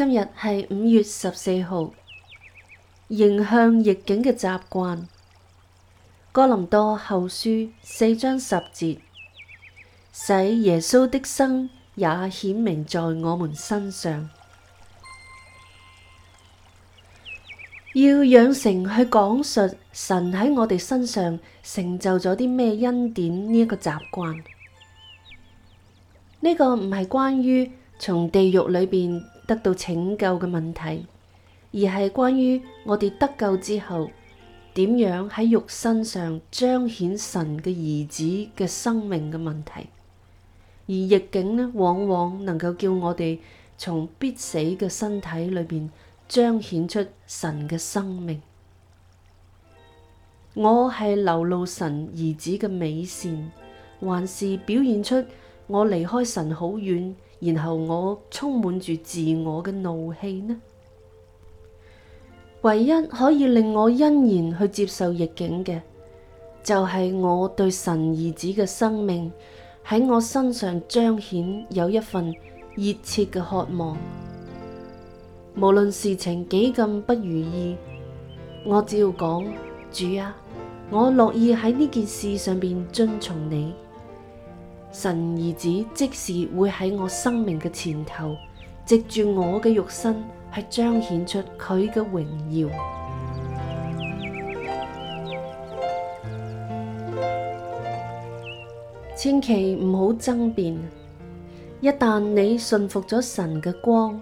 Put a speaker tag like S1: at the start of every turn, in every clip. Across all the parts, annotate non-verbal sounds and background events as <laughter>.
S1: 今日係五月十四號，迎向逆境嘅習慣。哥林多後書四章十節，使耶穌的生也顯明在我們身上，要養成去講述神喺我哋身上成就咗啲咩恩典呢一個習慣。呢個唔係關於從地獄裏邊。得到拯救嘅問題，而係關於我哋得救之後點樣喺肉身上彰顯神嘅兒子嘅生命嘅問題。而逆境呢，往往能夠叫我哋從必死嘅身體裏邊彰顯出神嘅生命。我係流露神兒子嘅美善，還是表現出，我離開神好遠，然後我充滿住自我嘅怒氣呢？唯一可以令我欣然去接受逆境嘅，就係我對神兒子嘅生命喺我身上彰顯有一份熱切嘅渴望。無論事情幾咁不如意，我只要講，主啊，我樂意喺呢件事上邊遵從你。神兒子即時會喺我生命嘅前頭，藉住我嘅肉身，係彰顯出佢嘅榮耀。 <noise> 千祈唔好爭辯，一旦你信服咗神嘅光，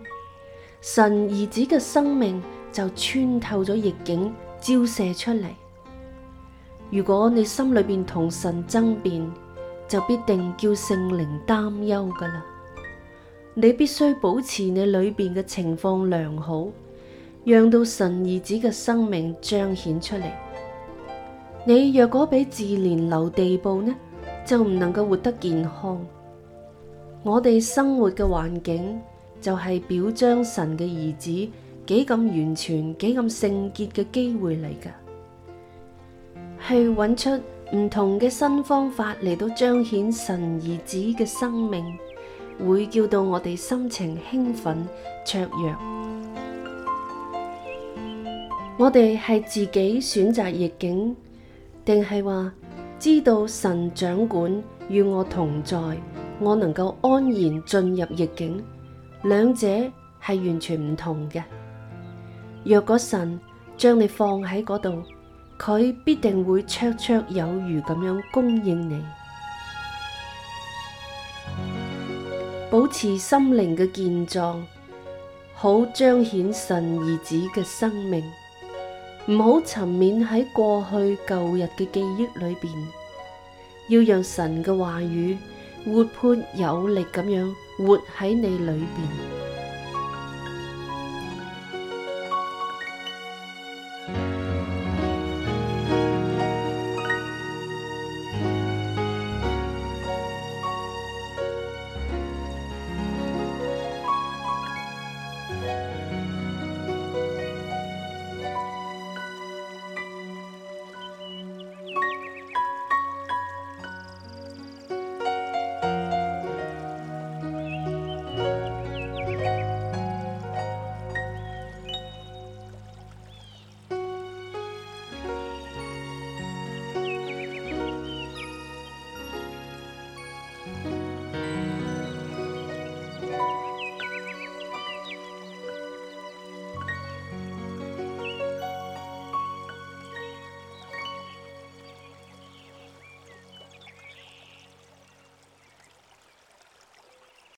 S1: 神兒子嘅生命就穿透咗逆境，照射出嚟。如果你心裏邊同神爭辯，就必定叫聖靈擔憂噶啦！你必須保持你裏邊嘅情況良好，讓到神兒子嘅生命彰顯出嚟。你若果俾自憐留地步呢，就唔能夠活得健康。我哋生活嘅環境就係表彰神嘅兒子幾咁完全、幾咁聖潔嘅機會嚟噶，去揾出。唔同嘅新方法嚟到彰顯神兒子嘅生命，會叫到我哋心情興奮雀躍。我哋係自己選擇逆境，定係話知道神掌管與我同在，我能夠安然進入逆境？兩者係完全唔同嘅。若果神將你放喺嗰度。佢必定會綽綽有餘咁樣供應你，保持心靈嘅健壯，好彰顯神兒子嘅生命。唔好沉湎喺過去舊日嘅記憶裏邊，要讓神嘅話語活潑有力咁樣活喺你裏邊。